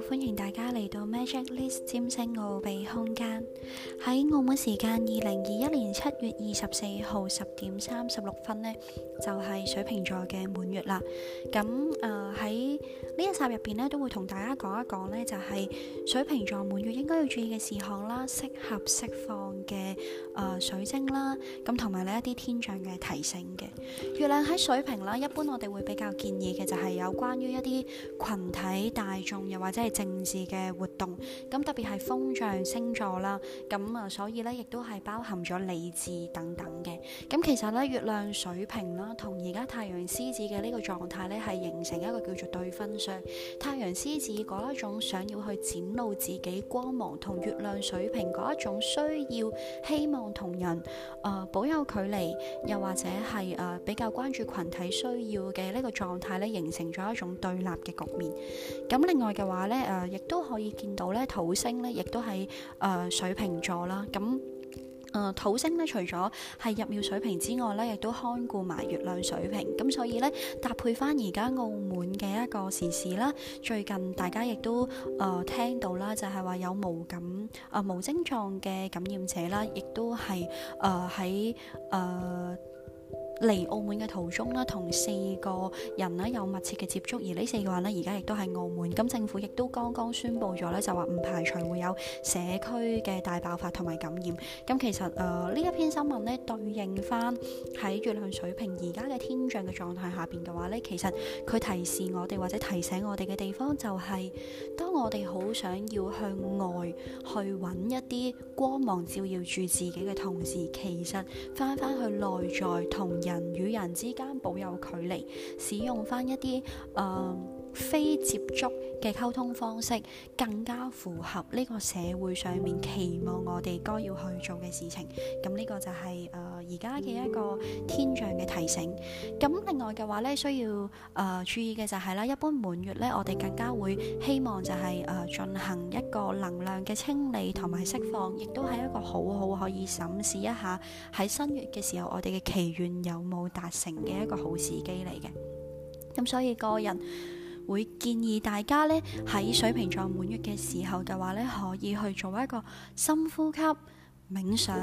歡迎大家嚟到 Magic List 占星奧祕空間。喺澳門時間二零二一年七月二十四號十點三十六分咧，就係、是、水瓶座嘅滿月啦。咁誒喺呢一集入邊咧，都會同大家講一講咧，就係、是、水瓶座滿月應該要注意嘅事項啦，適合釋放嘅誒、呃、水晶啦，咁同埋呢一啲天象嘅提醒嘅。月亮喺水瓶啦，一般我哋會比較建議嘅就係有關於一啲群體大眾又或者。政治嘅活動，咁特別係風象星座啦，咁啊，所以咧亦都係包含咗理智等等嘅。咁其實咧，月亮水瓶啦，同而家太陽獅子嘅呢個狀態咧，係形成一個叫做對分相，太陽獅子嗰一種想要去展露自己光芒，同月亮水瓶嗰一種需要希望同人、呃、保有距離，又或者係誒、呃、比較關注群體需要嘅呢個狀態咧，形成咗一種對立嘅局面。咁另外嘅話咧。咧亦都可以見到咧，土星咧，亦都係誒、呃、水瓶座啦。咁誒、呃、土星咧，除咗係入廟水瓶之外咧，亦都看顧埋月亮水瓶。咁所以咧，搭配翻而家澳門嘅一個時事啦，最近大家亦都誒、呃、聽到啦，就係、是、話有無感啊、呃、無症狀嘅感染者啦，亦都係誒喺誒。呃嚟澳門嘅途中咧，同四個人呢有密切嘅接觸，而呢四個人呢，而家亦都喺澳門。咁政府亦都剛剛宣布咗呢，就話唔排除會有社區嘅大爆發同埋感染。咁、嗯、其實誒呢、呃、一篇新聞呢，對應翻喺月亮水瓶而家嘅天象嘅狀態下邊嘅話呢，其實佢提示我哋或者提醒我哋嘅地方就係、是，當我哋好想要向外去揾一啲光芒照耀住自己嘅同時，其實翻返去內在同。人與人之間保有距離，使用翻一啲誒、呃、非接觸嘅溝通方式，更加符合呢個社會上面期望我哋該要去做嘅事情。咁呢個就係、是、誒。呃而家嘅一個天象嘅提醒，咁另外嘅話呢，需要誒、呃、注意嘅就係、是、啦，一般滿月呢，我哋更加會希望就係誒進行一個能量嘅清理同埋釋放，亦都係一個好好可以審視一下喺新月嘅時候我哋嘅祈願有冇達成嘅一個好時機嚟嘅。咁所以個人會建議大家呢，喺水瓶座滿月嘅時候嘅話呢，可以去做一個深呼吸。冥想，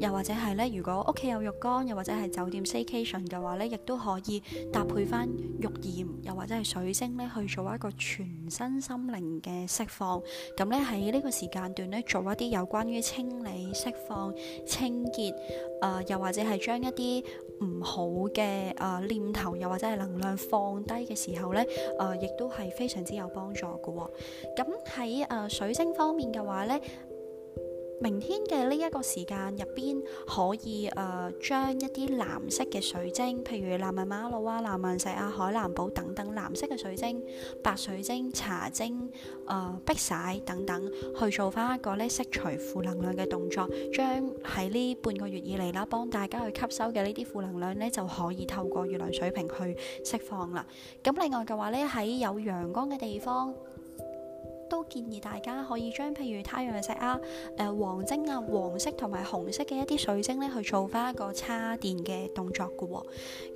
又或者係咧，如果屋企有浴缸，又或者係酒店 staycation 嘅話咧，亦都可以搭配翻浴鹽，又或者係水晶咧，去做一個全身心靈嘅釋放。咁咧喺呢個時間段咧，做一啲有關於清理、釋放、清潔，誒、呃，又或者係將一啲唔好嘅誒、呃、念頭，又或者係能量放低嘅時候咧，誒亦都係非常之有幫助嘅、哦。咁喺誒水晶方面嘅話咧。明天嘅呢一個時間入邊，可以誒將、呃、一啲藍色嘅水晶，譬如藍紋瑪瑙啊、藍紋石啊、海藍寶等等藍色嘅水晶、白水晶、茶晶、呃、碧璽等等，去做翻一個咧釋除負能量嘅動作，將喺呢半個月以嚟啦，幫大家去吸收嘅呢啲負能量呢，就可以透過月亮水瓶去釋放啦。咁另外嘅話呢，喺有陽光嘅地方。建議大家可以將譬如太陽石啊、誒、呃、黃晶啊、黃色同埋紅色嘅一啲水晶咧去做翻一個叉電嘅動作嘅、哦。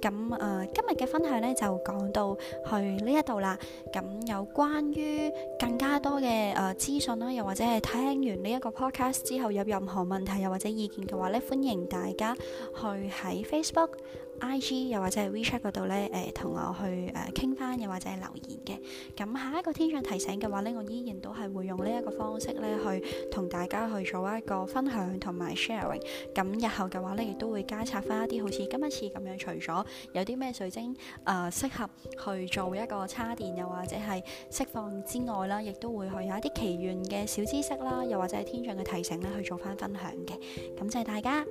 咁誒、呃、今日嘅分享咧就講到去呢一度啦。咁有關於更加多嘅誒資訊啦，又或者係聽完呢一個 podcast 之後有任何問題又或者意見嘅話咧，歡迎大家去喺 Facebook。I G 又或者係 WeChat 嗰度咧，誒、呃、同我去誒傾翻，又、呃、或者係留言嘅。咁下一個天象提醒嘅話咧，我依然都係會用呢一個方式咧，去同大家去做一個分享同埋 sharing。咁日後嘅話咧，亦都會加插翻一啲好似今一次咁樣，除咗有啲咩水晶啊、呃、適合去做一個叉電，又或者係釋放之外啦，亦都會去有一啲祈願嘅小知識啦，又或者係天象嘅提醒咧，去做翻分享嘅。感謝大家。